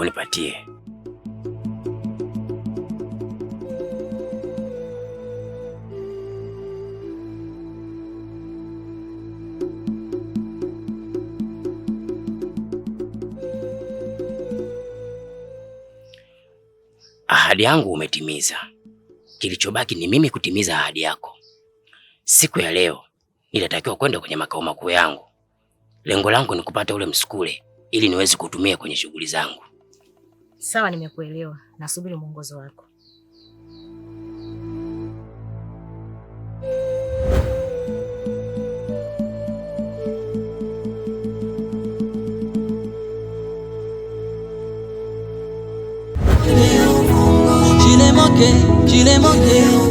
unipatie. Ahadi yangu umetimiza, kilichobaki ni mimi kutimiza ahadi yako. Siku ya leo nitatakiwa kwenda kwenye makao makuu yangu. Lengo langu ni kupata ule msukule ili niweze kutumia kwenye shughuli zangu. Sawa, nimekuelewa. Nasubiri mwongozo wako. Chile moke, chile moke.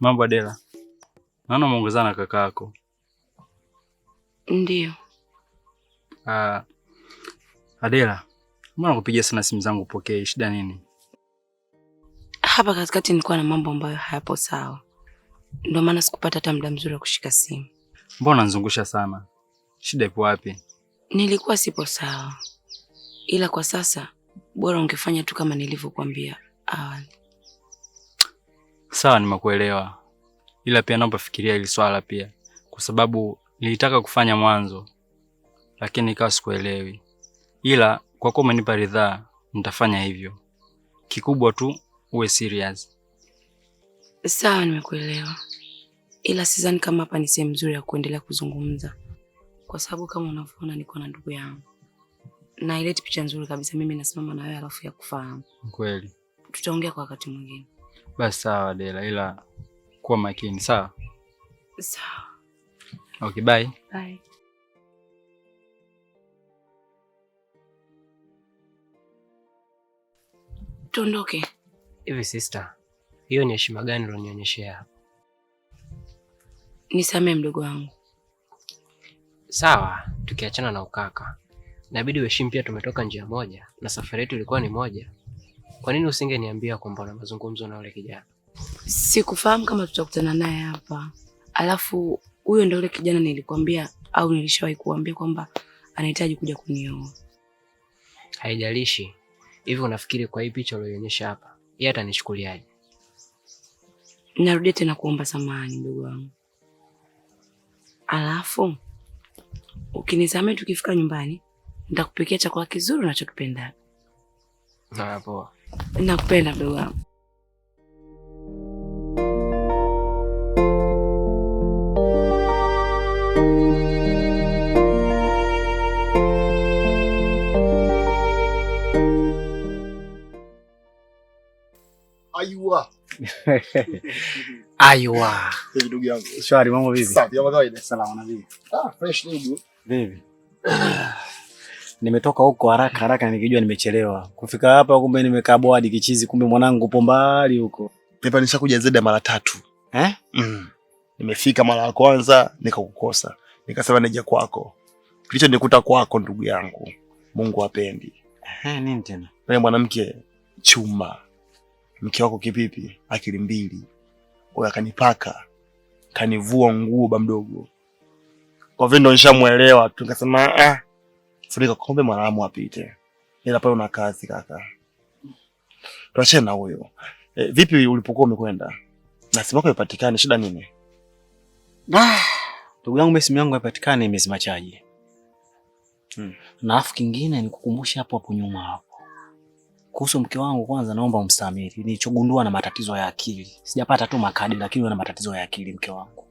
Mambo Adela, naona umeongezana na kaka yako. Ndio. Uh, Adela, mbona nakupigia sana simu zangu upokee? Shida nini? Hapa katikati nilikuwa na mambo ambayo hayapo sawa, ndio maana sikupata hata muda mzuri wa kushika simu. Mbona nzungusha sana? Shida ipo wapi? Nilikuwa sipo sawa, ila kwa sasa bora ungefanya tu kama nilivyokuambia awali. Sawa, nimekuelewa, ila pia naomba fikiria hili swala pia, kwa sababu nilitaka kufanya mwanzo, lakini ikawa sikuelewi, ila kwa kuwa umenipa ridhaa, nitafanya hivyo. Kikubwa tu uwe serious. Sawa, nimekuelewa, ila sidhani kama hapa ni sehemu nzuri ya kuendelea kuzungumza, kwa sababu kama unavyoona niko na ndugu yangu na ileti picha nzuri kabisa. Mimi nasimama na wewe, alafu ya kufahamu kweli. Tutaongea kwa wakati mwingine. Basi sawa Dela, ila kuwa makini sawa. Sawa. Okay, bye. Bye. Tuondoke. Hivi sister, hiyo ni heshima gani ulionionyeshea hapo? Nisamee mdogo wangu. Sawa, tukiachana na ukaka, inabidi uheshimu pia, tumetoka njia moja na safari yetu ilikuwa ni moja. Kwa nini usingeniambia kwamba una mazungumzo na yule kijana? Sikufahamu kama tutakutana naye hapa. Alafu huyo ndio yule kijana nilikwambia au nilishawahi kuambia kwamba anahitaji kuja kunioa. Haijalishi. Hivi unafikiri kwa hii picha ulionyesha hapa, yeye atanichukuliaje? Narudia tena kuomba samahani ndugu wangu. Alafu ukinisamehe, tukifika nyumbani nitakupikia chakula kizuri unachokipenda. Haya, poa. Nakupenda mdogo wangu. Ayua. Ayua. Ndugu yangu. Shwari, mambo vipi? Safi, kama kawaida. Salama na vipi? Ah, fresh ndugu. Vipi? Nimetoka huko haraka haraka nikijua nimechelewa. Kufika hapa kumbe nimekaa bwadi kichizi, kumbe mwanangu upo mbali huko. Pepa nishakuja zaidi mara tatu. Eh? Mm. Nimefika mara ya kwanza nikakukosa. Nikasema nija kwako. Kilicho nikuta kwako ndugu yangu. Mungu apendi. Eh, nini tena? Wewe mwanamke chuma. Mke wako kipipi, akili mbili. Oya kanipaka. Kanivua nguo ba mdogo. Kwa vile ndo nishamuelewa, nikasema ah Funika kombe mwaramu apite, ila pale una kazi kaka, tuachane na huyo. E, vipi ulipokuwa umekwenda na simu yako ipatikane, shida nini? Ah, ndugu yangu, mimi simu yangu haipatikani, imezima chaji. Hmm. Na afu kingine nikukumbusha hapo hapo nyuma hapo kuhusu mke wangu. Kwanza naomba umstamili, nilichogundua na matatizo ya akili, sijapata tu makadi, lakini ana matatizo ya akili mke wangu.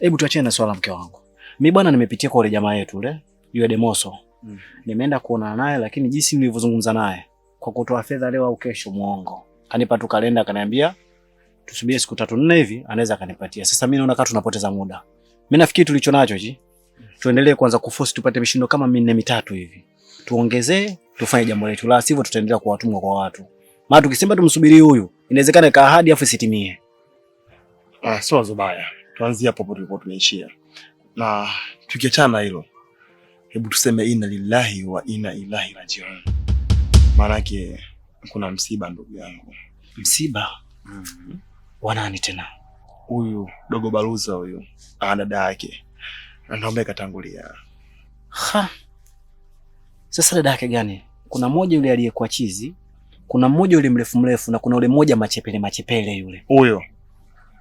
Hebu tuachane na swala mke wangu. Mimi bwana nimepitia kwa yule jamaa yetu yule yule Demoso mm. Nimeenda kuonana naye, lakini jinsi nilivyozungumza naye kwa kutoa fedha leo au kesho, muongo. Kanipa tu kalenda, kaniambia tusubie siku tatu nne hivi anaweza akanipatia. Sasa mimi naona kama tunapoteza muda. Mimi nafikiri tulicho nacho hichi, tuendelee kwanza kuforce tupate mishindo kama minne mitatu hivi, tuongezee tufanye jambo letu, la sivyo tutaendelea kuwa watumwa kwa watu. Maana tukisema tumsubiri huyu, inawezekana kaa ahadi afu isitimie. Ah, sio wazo baya. Tuanzie hapo hapo tulipo tumeishia, na tukiachana hilo hebu tuseme inna lillahi wa inna ilahi rajiun. Maanake kuna msiba ndugu yangu, msiba mm -hmm. Wanani tena? Huyu dogo Baruza huyu ana dada yake anaomba katangulia. Ha. Sasa dada yake gani? Kuna mmoja yule aliyekuwa chizi, kuna mmoja yule mrefu mrefu, na kuna yule mmoja machepele machepele yule. Huyo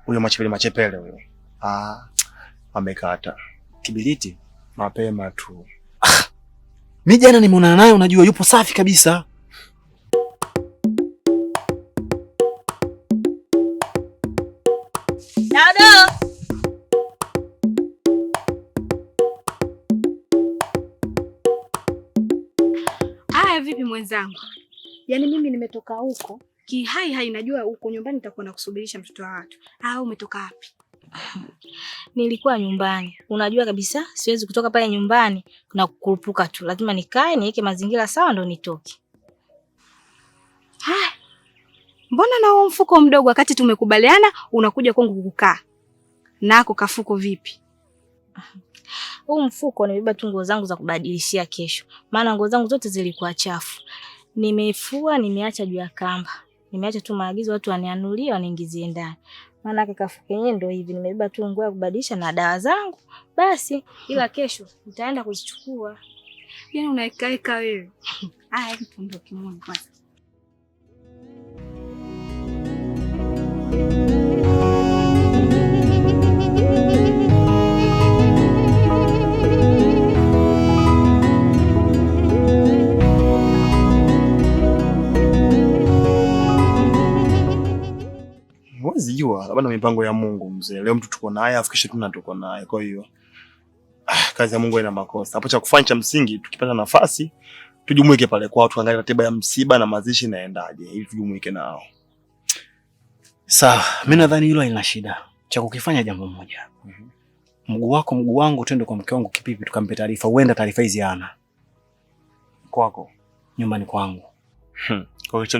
huyo machepele machepele huyo. Ah, amekata kibiliti mapema tu. Mi jana nimeonana naye, unajua yupo safi kabisa. Dada aya, vipi mwenzangu? Yaani mimi nimetoka huko kihai hai, najua huko nyumbani nitakuwa nakusubirisha mtoto wa watu. Aa, ah, umetoka wapi? Nilikuwa nyumbani, unajua kabisa siwezi kutoka pale nyumbani na kukurupuka tu, lazima nikae niweke mazingira sawa ndo nitoke. Hai, mbona na huo mfuko mdogo, wakati tumekubaliana unakuja kwangu kukaa nako? Kafuko vipi? Huu mfuko nimebeba tu nguo zangu za kubadilishia kesho, maana nguo zangu zote zilikuwa chafu. Nimefua, nimeacha juu ya kamba, nimeacha tu maagizo watu wanianulie waniingizie ndani maana kakafu kenyewe ndio hivi, nimebeba tu nguo ya kubadilisha na dawa zangu basi, ila kesho nitaenda kuzichukua. Yaani unaikaika wewe. Aya, mtu ndio kimoja kwanza hapa na mipango ya Mungu mzee. Leo mtu tuko naye afu kesho tunatoka naye. Kwa hiyo ah, kazi ya Mungu ina makosa. Hapo cha kufanya cha msingi tukipata nafasi tujumuike pale kwao tuangalie ratiba ya msiba na mazishi inaendaje ili tujumuike nao. Sawa, mimi nadhani hilo halina shida. Cha kukifanya jambo moja. Mm -hmm. Mguu wako mguu wangu twende kwa mke wangu Kipipi tukampe taarifa. Huenda taarifa hizi ana. Kwako, nyumbani kwangu. Hmm. Kwa hicho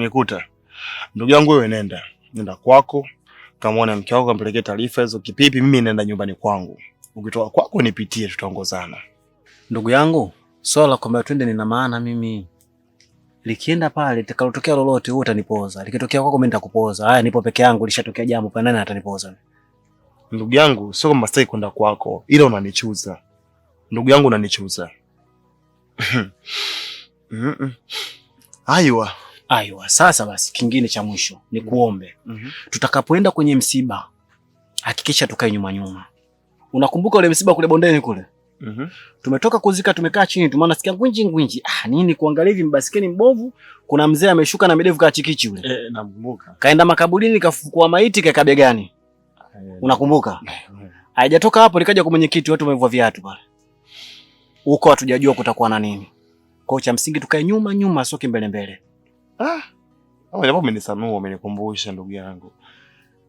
Ndugu yangu wewe nenda. Nenda kwako. Kamwone mke wako ampelekee taarifa hizo kipipi. Mimi naenda nyumbani kwangu, ukitoka kwako nipitie, tutaongozana. Ndugu yangu, swala la kwamba twende nina maana mimi, likienda pale takalotokea lolote, wewe utanipoza, likitokea kwako mimi nitakupoza. Haya, nipo peke yangu, lishatokea jambo pana, nani atanipoza? Ndugu yangu, sio kama sitaki kwenda kwako, ila unanichuza ndugu yangu, unanichuza. mm -mm. Aiwa. Aiwa, sasa basi, kingine cha mwisho ni mm-hmm. kuombe. mm -hmm. Tutakapoenda kwenye msiba hakikisha tukae nyuma nyuma. Unakumbuka ule msiba kule bondeni kule? mm -hmm. Tumetoka kuzika, tumekaa chini, tu, maana sikia ngwinji ngwinji. Ah, nini kuangalia hivi, mbasikeni mbovu, kuna mzee ameshuka na midevu kaa chikichi yule. Eh, nakumbuka. Kaenda makaburini kafukua maiti kaka begani. Eh, Unakumbuka? Eh, eh. Haijatoka hapo likaja kwa mwenyekiti, watu wamevua viatu pale. Huko hatujajua kutakuwa na nini. Kwa cha msingi tukae nyuma nyuma, soki mbele mbele. Ah, hapo umenisanua, umenikumbusha ndugu yangu.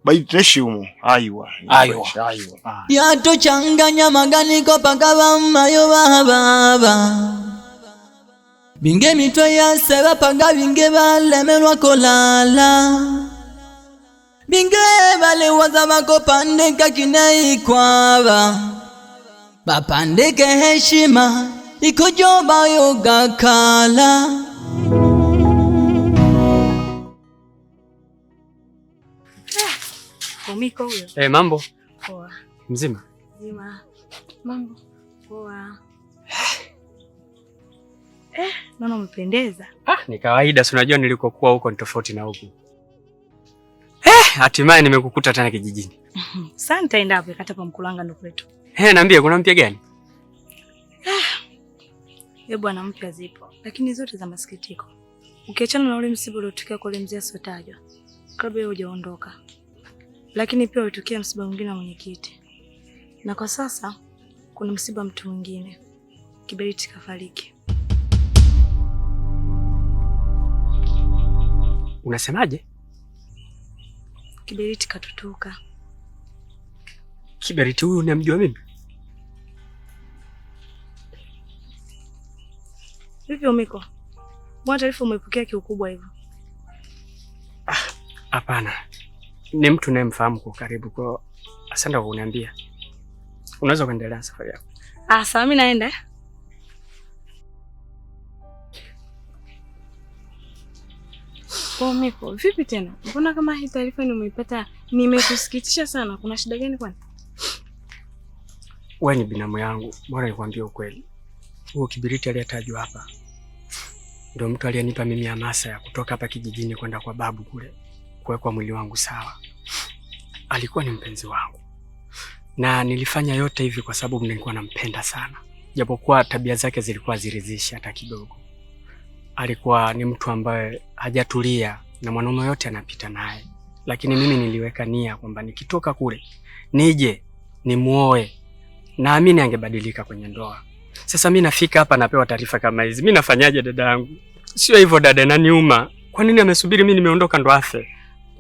Bai treshi humo. Aiwa. Aiwa. Aiwa. Ah. Yato changanya magani kwa pakawa mayo baba. Binge mitwe ya sewa panga binge balemelwa kolala. Binge bale wazama kopandika kinai kwaba. Bapandike heshima ikojoba yogakala. Miko huyo. Eh, mambo? Poa. Mzima? Mzima. Mambo? Poa. Eh, mama umependeza. Ah, ni kawaida, si unajua nilikokuwa huko ni tofauti na huku. Eh, hatimaye nimekukuta tena kijijini. Sasa nitaenda hapo kata kwa Mkulanga ndo kwetu. Eh, naambia kuna mpya gani? Ah. Eh, bwana mpya zipo, lakini zote za masikitiko. Ukiachana na ule msiba uliotukia kwa ule mzee asiotajwa kabla hujaondoka lakini pia ulitokea msiba mwingine wa mwenyekiti, na kwa sasa kuna msiba mtu mwingine, Kiberiti kafariki. Unasemaje? Kiberiti katutuka. Kiberiti huyu unamjua mimi? Vipi umiko, mbona taarifa umeipokea kiukubwa hivyo? Ah, hapana ah, ni mtu nayemfahamu kwa karibu, kwa asante kwa kuniambia. Unaweza kuendelea na safari yako. Ah, sawa, mimi naenda. Oh, Miko, vipi tena? Mbona kama hii taarifa nimeipata, nimekusikitisha sana. Kuna shida gani kwani? Wewe ni binamu yangu, bora nikwambie ukweli. Huo kibiriti aliyetajwa hapa ndio mtu aliyenipa mimi hamasa ya kutoka hapa kijijini kwenda kwa babu kule kuwekwa mwili wangu sawa. Alikuwa ni mpenzi wangu na nilifanya yote hivi kwa sababu nilikuwa nampenda sana, japokuwa tabia zake zilikuwa ziridhishi hata kidogo. Alikuwa ni mtu ambaye hajatulia na mwanaume yote anapita naye, lakini mimi niliweka nia kwamba nikitoka kule nije nimuoe, naamini angebadilika kwenye ndoa. Sasa mi nafika hapa napewa taarifa kama hizi, mi nafanyaje? Dada yangu, sio hivyo dada, naniuma. Kwa nini amesubiri mi nimeondoka ndo afe?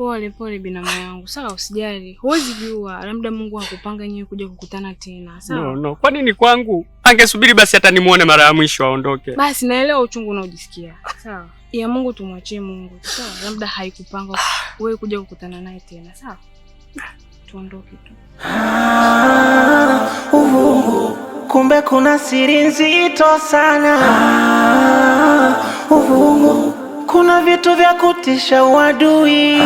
Pole pole binamu yangu, sawa, usijali. Huwezi jua, labda Mungu hakupanga nyewe kuja kukutana tena, sawa? No, no. Kwa nini kwangu? Angesubiri basi hata nimuone mara ya mwisho aondoke. Basi naelewa uchungu unaojisikia, sawa? Ya Mungu tumwachie Mungu, sawa? Labda haikupanga wewe kuja kukutana naye tena, sawa? Tuondoke tu. Ah, uvungu, kumbe kuna siri nzito sana. Ah, uvungu kuna vitu vya kutisha uadui.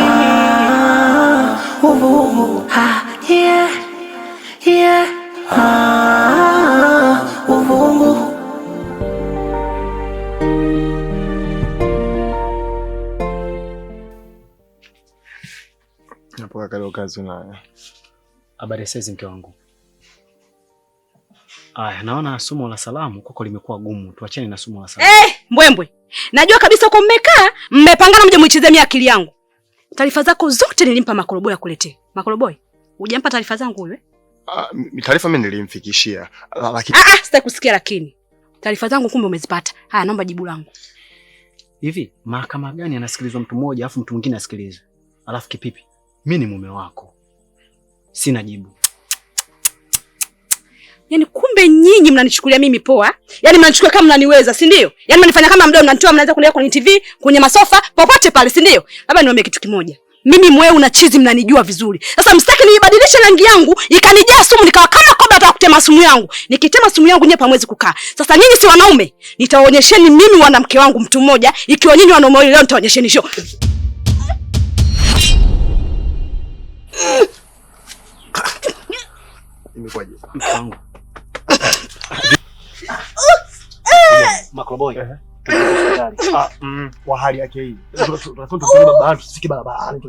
Habari saizi, mke wangu. Aya, naona somo la salamu kwako limekuwa gumu, tuachane na la salamu. Eh, mbwembwe Najua kabisa uko mmekaa mmepangana mje mwichezee mimi akili yangu. Taarifa zako zote nilimpa Makoroboi akuletee. Makoroboi, hujampa taarifa zangu wewe? Ah, taarifa mimi nilimfikishia. Lakini ah, ah, sitaki kusikia lakini. Taarifa zangu kumbe umezipata. Haya, naomba jibu langu. Hivi, mahakama gani anasikilizwa mtu mmoja afu mtu mwingine asikilizwe? Alafu kipipi? Mimi ni mume wako. Sina jibu. Yaani kumbe nyinyi mnanichukulia mimi poa. Yaani mnanichukulia kama mnaniweza, si ndio? Yaani mnanifanya kama mdau mnanitoa mnaanza kulia kwenye TV, kwenye masofa, popote pale, si ndio? Labda niombe kitu kimoja. Mimi mwe una chizi mnanijua vizuri. Sasa msitaki niibadilishe rangi yangu, ikanijaa sumu nikawa kama kobra nataka kutema sumu yangu. Nikitema sumu yangu nyepa mwezi kukaa. Sasa nyinyi si wanaume, nitaonyesheni mimi wanamke wangu mtu mmoja, ikiwa nyinyi wanaume leo nitaonyesheni show. Imekwaje? Mpango. Eh! Makroboy. Ah, mm, wa hali yake hii. barabarani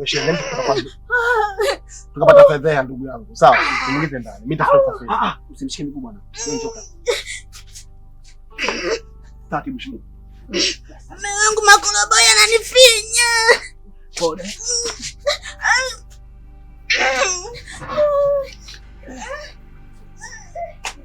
Tukapata fedha ya ndugu yangu. Sawa, niingize ndani. Mimi nitafuta fedha. Ah, ah, usimshike miguu bwana. Njoka. Taki Mume wangu Makroboy ananifinya. Pole.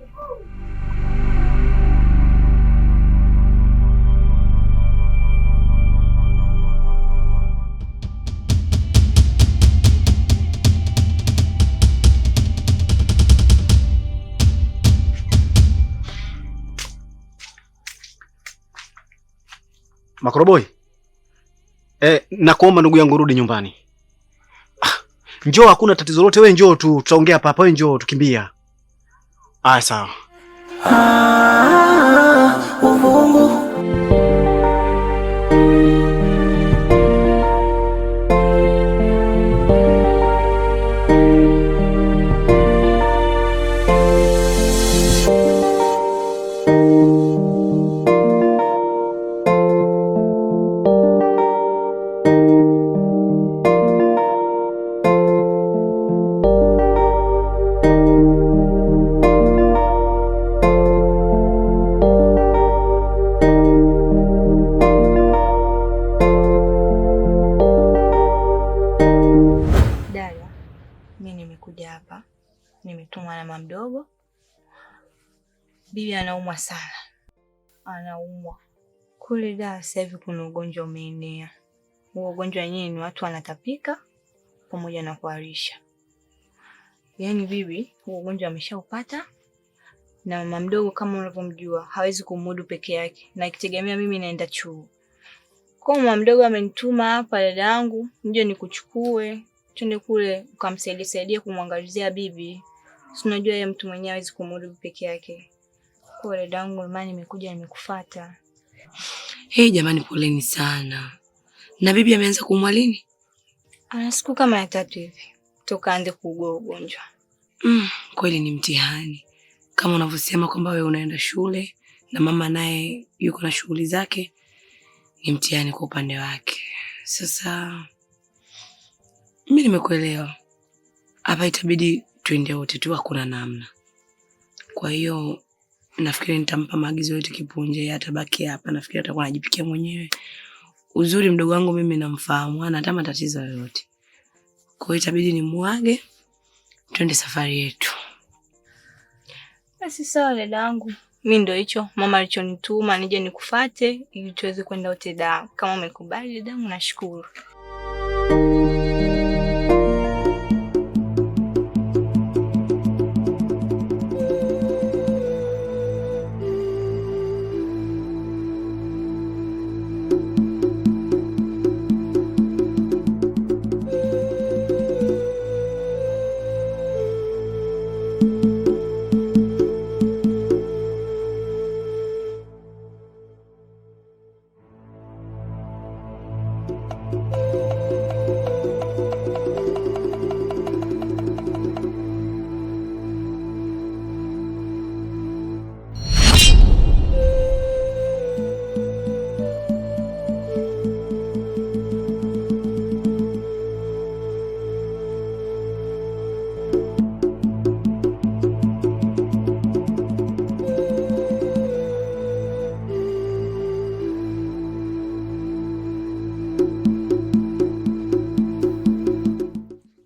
Makoroboi, eh, nakuomba ndugu yangu rudi nyumbani. Ah, njoo, hakuna tatizo lolote, we njoo tu tutaongea hapa hapa, we njoo tukimbia. Aya, sawa. Ah, uvungu anaumwa sana, anaumwa kule da. Sasa hivi kuna ugonjwa umeenea, huo ugonjwa wenyewe ni watu wanatapika pamoja na kuharisha. Yaani bibi, huo ugonjwa ameshaupata na mama mdogo kama unavyomjua hawezi kumudu peke yake, na ikitegemea mimi naenda chuo. Kwa mama mdogo amenituma hapa, dada yangu, nje nikuchukue, twende kule ukamsaidie saidia kumwangalizia bibi. Si unajua yeye mtu mwenyewe hawezi kumudu peke yake. Pole dangu, maana nimekuja nimekufuata. Hey, jamani poleni sana. Na bibi ameanza kuumwa lini? Ana siku kama ya tatu hivi toka anze kuugua ugonjwa. Mm, kweli ni mtihani kama unavyosema kwamba wewe unaenda shule na mama naye yuko na shughuli zake, ni mtihani kwa upande wake. Sasa mimi nimekuelewa hapa, itabidi tuende wote tu, hakuna namna. Kwa hiyo nafikiri nitampa maagizo yote Kipunje, atabaki hapa. Nafikiri atakuwa anajipikia mwenyewe. Uzuri mdogo wangu mimi namfahamu, ana hata matatizo yoyote. Kwa hiyo itabidi nimuage twende safari yetu. Basi sawa, dada wangu, mi ndo hicho mama alichonituma nije nikufate ili tuweze kwenda hote. Da, kama umekubali dadangu, nashukuru.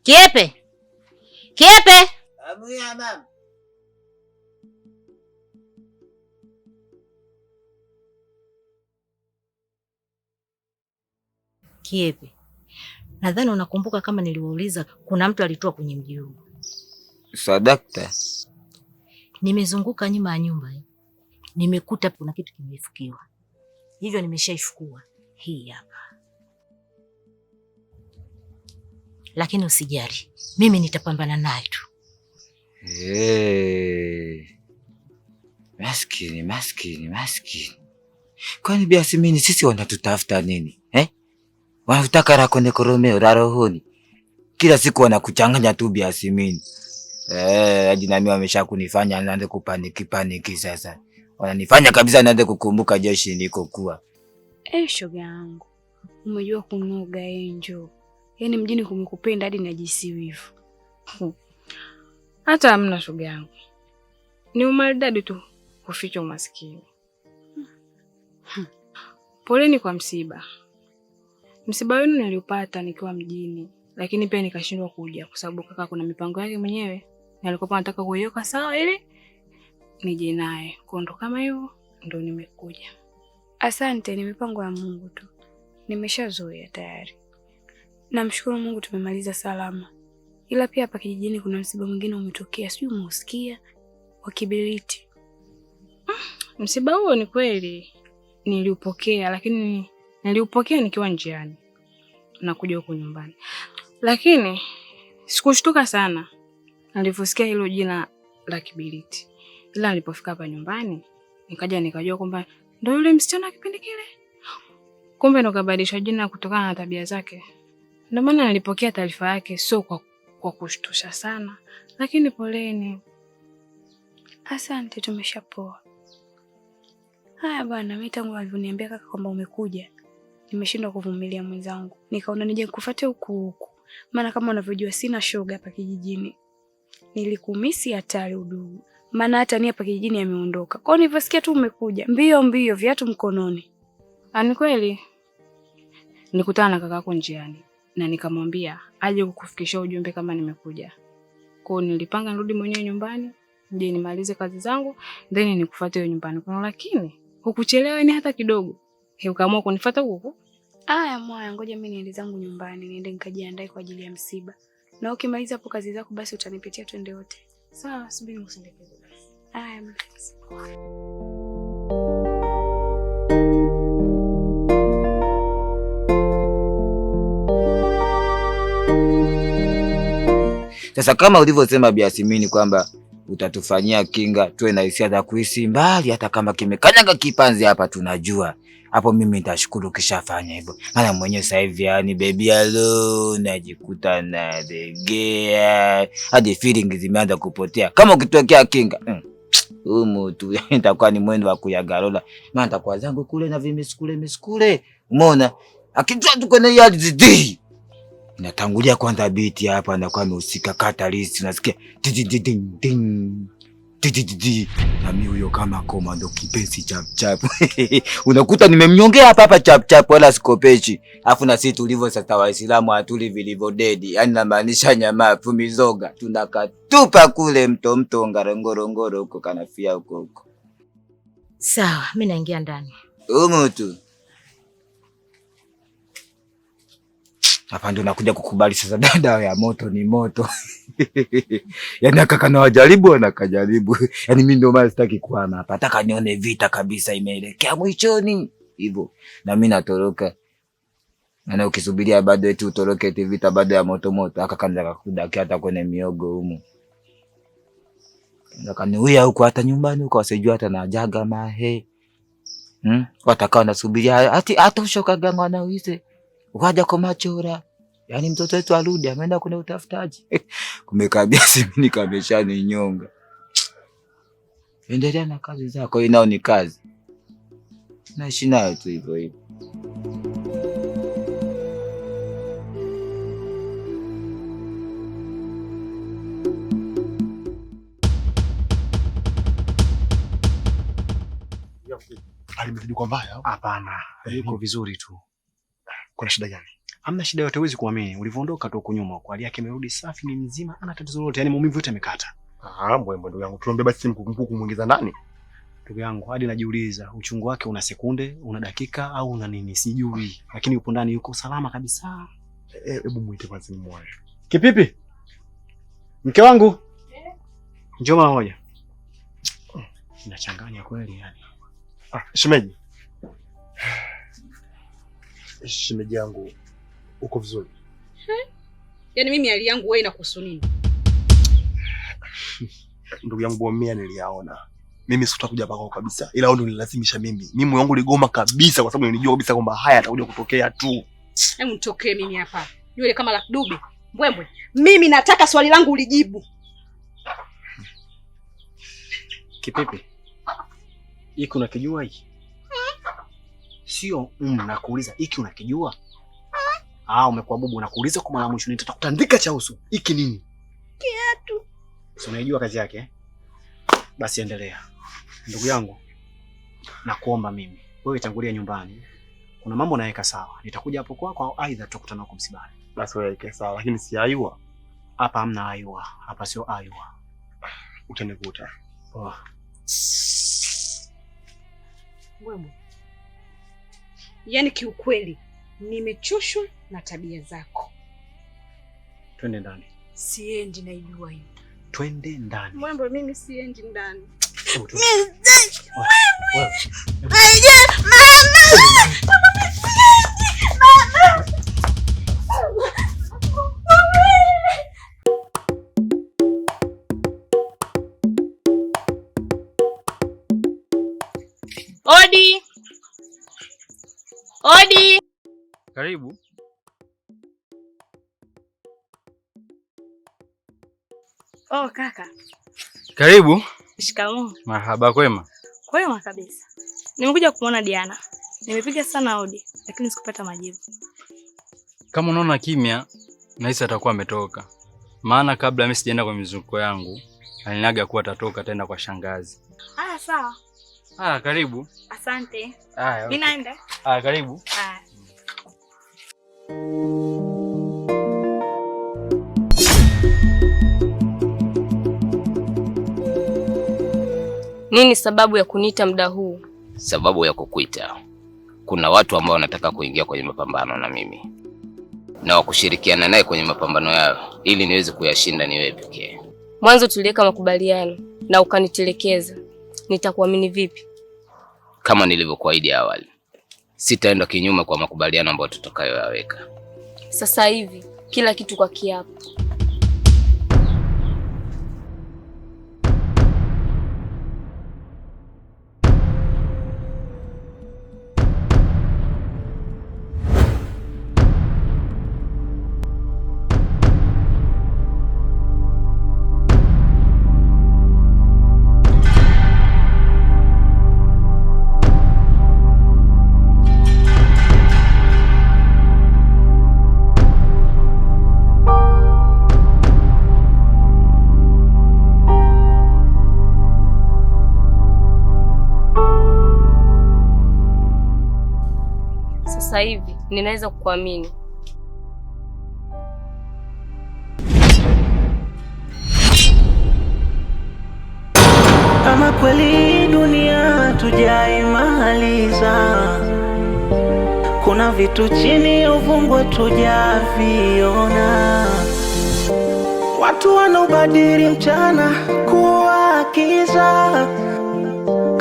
Kiepe, Kiepe, Kiepe, nadhani unakumbuka kama niliwauliza kuna mtu alitoa kwenye mji huu. Sadakta, nimezunguka nyuma ya nyumba nimekuta kuna kitu kimefukiwa, hivyo nimeshaifukua hii hapa. lakini usijali, mimi nitapambana naye tu. maskini maskini maskini, kwani biasimini sisi wanatutafuta nini eh? Wanataka koromeo rarohoni, kila siku wanakuchanganya tu biasimini. Eh, ajinami wamesha kunifanya nande kupaniki paniki sasa, wananifanya kabisa nande kukumbuka jeshi nikokuwa Hey, eh, shoga yangu, umejua kunoga enjoo. Eh, Yaani mjini kumekupenda hadi najisi wivu. Hmm. Hata hamna shoga yangu, ni umaridadi tu kuficha umaskini. Hmm. Poleni kwa msiba. Msiba wenu niliupata nikiwa mjini, lakini pia nikashindwa kuja kwa sababu kaka kuna mipango yake mwenyewe, na alikuwa anataka sawa ili nije naye. Kwa ndo kama hivyo ndo nimekuja. Asante, ni mipango ya Mungu tu, nimeshazoea tayari. Namshukuru Mungu tumemaliza salama, ila pia hapa kijijini kuna msiba mwingine umetokea, sijui umeusikia, wa kibiriti. Ah, msiba huo ni kweli niliupokea, lakini niliupokea nikiwa njiani nakuja huku nyumbani, lakini sikushtuka sana nilivyosikia hilo jina la kibiriti, ila nilipofika hapa nyumbani nikaja nikajua kwamba ndio yule msichana kipindi kile, kumbe ndo kabadilishwa jina kutokana na tabia zake. Ndio maana nilipokea taarifa yake sio kwa, kwa kushtusha sana, lakini poleni. Asante, tumeshapoa. Haya bwana, mimi tangu alivyoniambia kaka kwamba umekuja nimeshindwa kuvumilia mwenzangu, nikaona nije kufuate huku huku, maana kama unavyojua sina shoga hapa kijijini. Nilikumisi hatari udugu, maana hata ni hapa kijijini ameondoka. Kwa hiyo nilivyosikia tu umekuja mbio mbio, viatu mkononi. Ani kweli nikutana na kakako njiani, na nikamwambia aje kukufikishia ujumbe kama nimekuja. Kwa hiyo nilipanga nirudi mwenyewe nyumbani, nje nimalize kazi zangu, then nikufuate wewe nyumbani kwako, lakini hukuchelewa ni hata kidogo. He, ukaamua kunifuata huko. Aya, mwaya, ngoja mimi niende zangu nyumbani, niende nikajiandae kwa ajili ya msiba. Na ukimaliza hapo kazi zako basi utanipitia twende wote. Sawa, subiri nikusindikize Aya, mpenzi. Sasa kama ulivyosema Biasimini kwamba utatufanyia kinga tuwe na hisia za kuhisi mbali, hata kama kimekanyaga kipanzi hapa, tunajua hapo. Mimi nitashukuru ukishafanya hivyo, maana mwenyewe sasa hivi yani baby alo, najikuta nalegea hadi feeling zimeanza kupotea. Kama ukitokea kinga mm. Umu tu nitakuwa ni mwendo wa kuyagarola, maana nitakuwa zangu kule na vimeskule miskule, umeona akijua tuko na yadi natangulia kwanza biti hapa, anakuwa amehusika kata list, nasikia nami huyo kama koma ndo chap chap. Unakuta nimemnyongea hapa hapa chap, wala sikopechi. Afu na sisi tulivyo sasa, Waislamu hatuli vilivyo dedi, yaani namaanisha nyama fumizoga tunakatupa kule mto mto ngarongorongoro huko, kanafia huko huko. Sawa, mimi naingia ndani tu. Hapa ndio nakuja kukubali sasa, dada ya moto ni moto yani akakana wajaribu wanakajaribu, yani mimi ndio maana sitaki kuana hapa, nataka nione vita kabisa, imeelekea mwishoni hivyo, na mimi natoroka. Maana ukisubiria bado eti utoroke eti vita bado ya moto moto, akakanza kakudakia hata kwenye miogo humo akaniuya huko, hata nyumbani huko wasijua hata na jaga mahe hmm? watakao nasubiria ati atoshoka ganga na uise ukaja kwa machora, yaani mtoto wetu arudi ameenda kuna utafutaji kumekabia simini kabisha ni nyonga. Endelea na kazi zako, hii nao ni kazi, naishi nayo tu hivyo hivyo. Alimrudi kwa mbaya? Hapana, vizuri tu. Kuna shida gani? Hamna shida yote, huwezi kuamini. Ulivyoondoka tu kunyuma kwa hali yake imerudi safi, ni mzima, ana tatizo lolote, yani maumivu yote yamekata. Ah, mbwembwe ndugu yangu, tuombe basi mkukumbuku kumuingiza ndani. Ndugu yangu, hadi najiuliza uchungu wake una sekunde, una dakika au una nini sijui, lakini yupo ndani, yuko salama kabisa. E, e, hebu muite kwanza nimwone. Kipipi? Mke wangu. Eh? Njoo mara moja. Inachanganya kweli yani. Ah, shemeji. Shemeji yangu, uko vizuri? Yaani mimi hali yangu wewe inakuhusu nini? Ndugu yangu bomia, niliyaona mimi sikuta kuja pako kabisa, ila wewe unilazimisha mimi. Mimi moyo wangu ligoma kabisa, kwa sababu nilijua kabisa kwamba haya atakuja kutokea tu. Hebu nitokee mimi hapa Yule kama la kidubi mbwembwe. Mimi nataka swali langu ulijibu. Kipipi hiki unakijua hiki? sio mm, nakuuliza hiki unakijua? Ah, umekuwa bubu, nakuuliza kwa mara mwisho nitakutandika cha uso. Hiki nini? Kiatu. Si unaijua kazi yake eh? Basi endelea. Ndugu yangu, nakuomba mimi. Wewe tangulia nyumbani. Kuna mambo naweka sawa. Nitakuja hapo kwako au aidha tutakutana huko msibani. Basi wewe weke sawa, lakini si aiwa. Hapa hamna aiwa. Hapa sio aiwa. Utanivuta. Poa. Oh. Wewe Yaani kiukweli nimechoshwa na tabia zako. Twende ndani. Siendi, naijua hiyo. Twende ndani. Mambo mimi siendi ndani. Odi. Odi. Karibu. Oh, kaka. Karibu. Shikamoo. Marhaba, kwema? Kwema kabisa. Nimekuja kumwona Diana. Nimepiga sana odi lakini sikupata majibu. Kama unaona kimya, nahisi atakuwa ametoka. Maana kabla mimi sijaenda kwa mizunguko yangu, alinaga kuwa atatoka ataenda kwa shangazi. Ah, sawa. Ah, karibu. Asante. Haya. Okay. Mimi naenda. Ah, karibu. Ah. Nini sababu ya kuniita muda huu? Sababu ya kukuita, kuna watu ambao wanataka kuingia kwenye mapambano na mimi na wakushirikiana naye kwenye mapambano yao ili niweze kuyashinda ni wewe pekee. Mwanzo tuliweka makubaliano na ukanitelekeza, nitakuamini vipi? Kama nilivyokuahidi awali, sitaenda kinyume kwa makubaliano ambayo tutakayoyaweka sasa hivi, kila kitu kwa kiapo. ninaweza kukuamini. Kama kweli dunia tujaimaliza, kuna vitu chini uvungwa tujaviona. Watu wanaubadili mchana kuwa kiza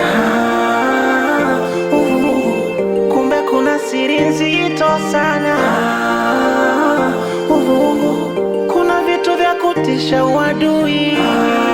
Ah, kumbe kuna siri nzito sana ah, uh, uh, uh, uh kuna vitu vya kutisha uadui ah,